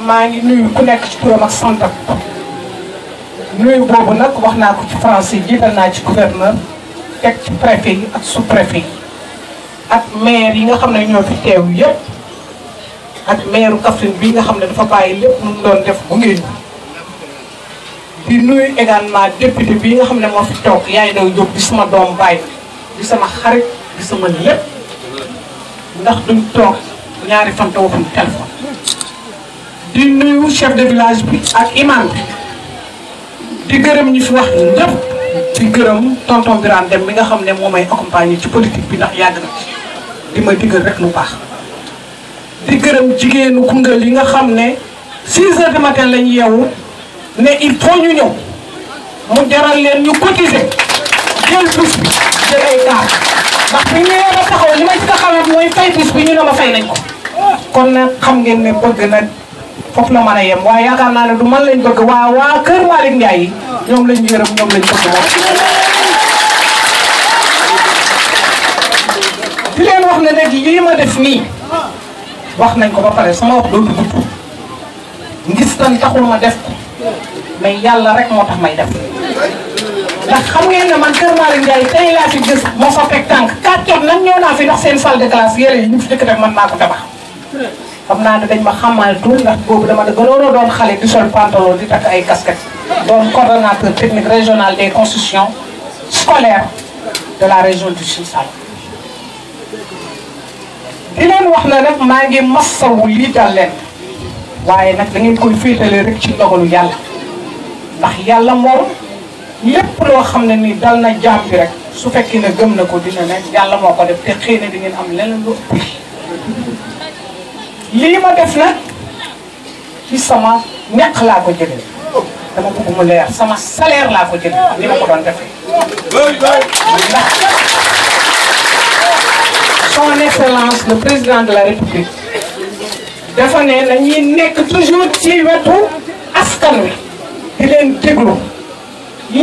maa ngi nuyu ku nekk ci turam ak santam nuyu boobu nag wax naa ko ci français jiital naa ci gouverneur teg ci préfet yi ak sous-préfet yi ak maire yi nga xam ne ñoo fi teew yëpp ak maire Kaffrine bi nga xam ne dafa bàyyi lépp nu mu doon def bu ngeen di nuyu également député bi nga xam ne moo fi toog yaay daw jóg di sama doom bàyyi di sama xarit di sama lépp ndax duñ toog ñaari fan te téléphone di nuyu chef de village bi ak imam bi di gërëm ñi fi wax ñëpp di gërëm tonton Birane Dem bi nga xam ne moom may accompagner ci politique bi ndax yàgg na di ma digal rek lu baax di gërëm jigéenu Koungheul yi nga xam ne 6 heures du matin lañ yeewu ne il faut ñu ñëw mu jaral leen ñu cotiser jël bus bi jël ay gaar ndax bi ñu yore taxaw li ma ci taxawal mooy fay bus bi ñu ne fay nañ ko kon nag xam ngeen ne bëgg na. foofu la man a yem waa yaakaar naa ne du man lañ bëgg waa waa kër Malick Ndiaye yi ñoom lañ yërëm ñoom lañ bëgg moom. di leen wax ne nag lii ma def nii wax nañ ko ba pare sama wax dootu ngis tan taxul ma def ko mais yàlla rek moo tax may def ndax xam ngeen ne man kër Malick Ndiaye tey laa fi gis moo fa teg tànk kàccoot nag ñëw naa fi ndax seen salle de classe yére yi ñu fi dëkk rek man maa ko tabax. xam naa ne dañ ma xamal tuuti ndax boobu dama da gënoon doon xale di sol pantalon di takk ay casquettes doon coordonnateur technique régional des constructions scolaires de la région du Sine di leen wax na nag maa ngi massawu lii dal leen waaye nag da ngeen koy féetale rek ci ndogalu yàlla ndax yàlla moom lépp loo xam ne nii dal na jaam bi rek su fekkee ne gëm na ko dina ne yàlla moo ko def te xëy na di ngeen am leneen lu ëpp lii ma def nag sama ñàkk laa ko jëlee dama bëgg mu leer sama salaire laa ko jëlee ni ma ko doon defee. ndax son excellence le président de la république dafa ne nañuy nekk toujours ci wetu askan wi di leen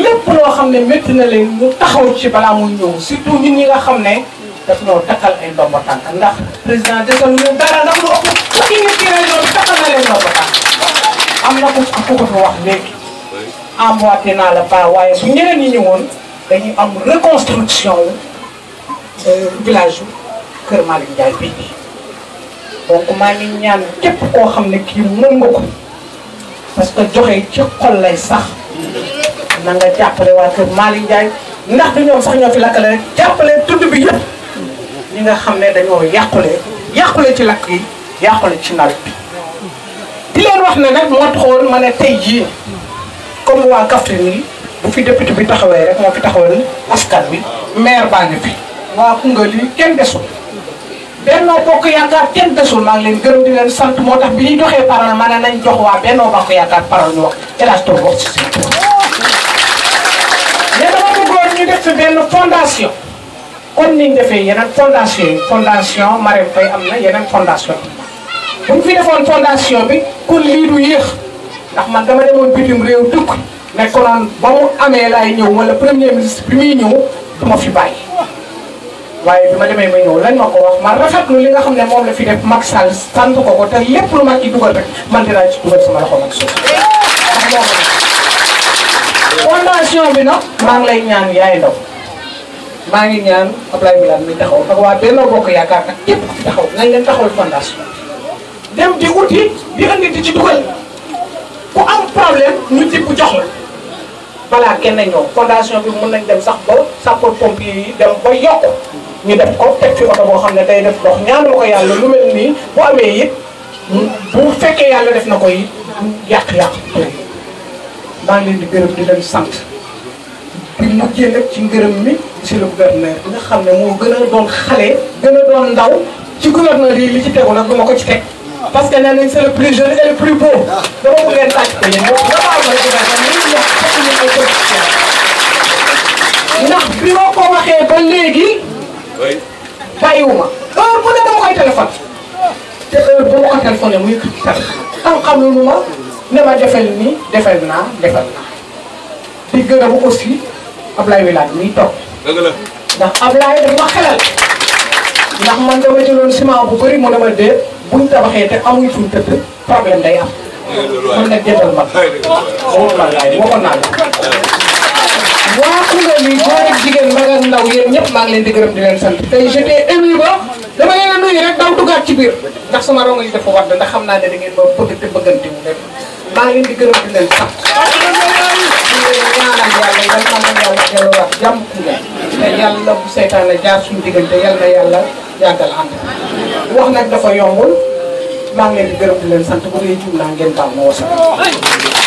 lépp loo xam ne métti na leen taxaw ci balaa mu ñëw surtout ñun ñi nga xam ne daf ñoo takkal ay ndombo ndax. président am na naa la waaye su ñeneen ñi ñëwoon dañuy am reconstruction wu village yu Kër maa ngi ñaan képp koo xam ne kii mën nga ko que joxe ci xol lay sax na nga jàppale waa Kër Malick ndax du ñoom sax ñoo fi lakkale rek jàppale tudd bi yëpp. ñi nga xam ne dañoo yàqule yàqule ci lakk yi yàqule ci nawet bi di leen wax ne nag moo taxoon ma ne tey jii comme waa Kaffrine yi bu fi député bi taxawee rek moo fi taxawal askan bi maire baa ngi fi waa Koungheul yi kenn desul Bennoo Bokk Yaakaar kenn desul maa ngi leen gërëm di leen sant moo tax bi ñu joxee parole ma ne nañ jox waa Bennoo Bokk Yaakaar parole ñu wax hélas tool wax si si mais dama bëggoon ñu def fi benn fondation kon ni ñu defee yeneen fondation yi fondation Marème Faye am na yeneen fondation bu ñu fi defoon fondation bi kon lii du yéex ndax man dama demoon bitim réew dëkk nekkoon ba mu amee laay ñëw wala premier ministre bi muy ñëw du fi bàyyi. waaye bi ma demee ma ñëw lañ ma ko wax ma rafetlu li nga xam ne moom la fi def Macky Sall sant ko ko te lépp lu ma ci dugal rek man dinaa ci dugal sama loxo Macky Sall fondation bi nag maa lay ñaan yaay ndaw. maa ngi ñaan Ablaye Wilane mi taxaw ak waa Benno Bokk Yaakaar nag yëpp taxaw nañ leen taxawal fondation dem di uti di andi di ci dugal ku am problème ñu ci jox la balaa kenn ñëw fondation bi mun nañ dem sax ba sapeur pompier yi dem ba yokk ñu def ko teg fi oto boo xam ne day def ndox ñaanal ko yàlla lu mel nii bu amee it bu fekkee yàlla def na koy yàq-yàq maa ngi di gërëm di leen sant di ci ngërëm mi monsieur le bi nga xam ne moo gën a doon gën a doon ndaw ci gouverneur yi li ci tegu nag dama ko ci parce que nee nañ c'est le waxee ba léegi bàyyiwuma heure bu ne dama koy téléphone te heure bu ko téléphoné muy yëkkati tam xam-xam lu ma ne ma defal nii defal naa defal naa di gërëm aussi Ablaye Wilane mi ngi toog. la ndax Ablaye dafa ma xelal ndax man dama jëloon bu bëri mu ne ma de buñ te amuñ suñ tëdd problème day am. man nag jëndal ma boobu man laay naa la. waa Koungheul bi góor jigéen mag ak ndaw yéen ñëpp maa ngi leen di gërëm di leen sant tey j'étais ému ba dama leen a nuyu rek daw duggaat ci biir ndax sama rongo yi dafa wadd ndax xam naa ne da ngeen ma bëgg te bëggante wu leen maa leen di gërëm di leen sant. ñaanal yàlla yal na la yàlla delloo wax jàmm Koungheul te yàlla bu seytaane jaar suñu diggante yal na yàlla yàggal ànd wax nag dafa yombul maa ngi leen di gërëm di leen sant bu dee naa ngeen baal ma wasal